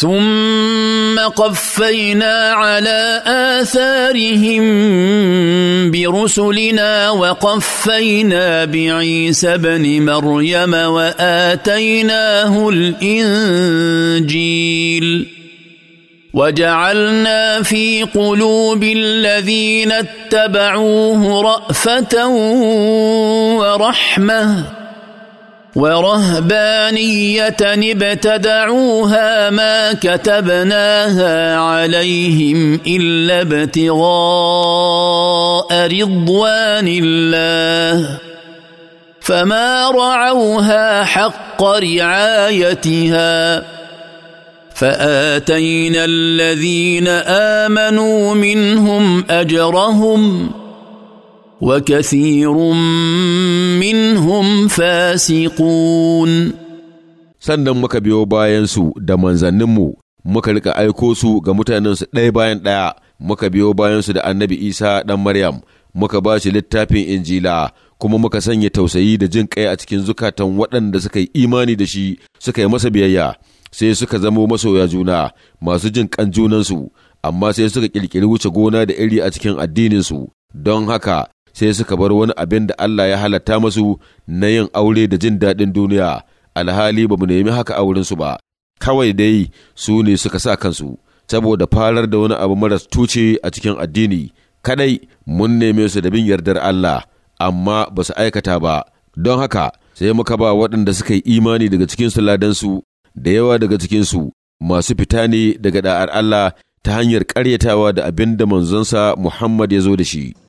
ثم قفينا على اثارهم برسلنا وقفينا بعيسى ابن مريم واتيناه الانجيل وجعلنا في قلوب الذين اتبعوه رافه ورحمه ورهبانيه ابتدعوها ما كتبناها عليهم الا ابتغاء رضوان الله فما رعوها حق رعايتها فاتينا الذين امنوا منهم اجرهم وكثير منهم فاسقون sannan muka biyo bayansu da manzanninmu muka rika aiko su ga mutanensu ɗaya bayan ɗaya muka biyo bayansu da annabi isa ɗan maryam muka ba shi littafin injila kuma muka sanya tausayi da jin kai a cikin zukatan waɗanda suka yi imani da shi suka yi masa biyayya sai suka zamo masoya juna masu jin kan junansu amma sai suka ƙirƙiri wuce gona da iri a cikin addininsu don haka sai suka bar wani abin da Allah ya halatta masu na yin aure da jin daɗin duniya alhali ba mu nemi haka a wurinsu ba kawai dai su ne suka sa kansu saboda farar da wani abu maras tuce a cikin addini kadai mun neme su da bin yardar Allah amma ba su aikata ba don haka sai muka ba waɗanda suka yi imani daga cikinsu ladansu da yawa daga cikinsu masu fita ne daga da'ar Allah ta hanyar karyatawa da abin da manzonsa Muhammad ya zo da shi.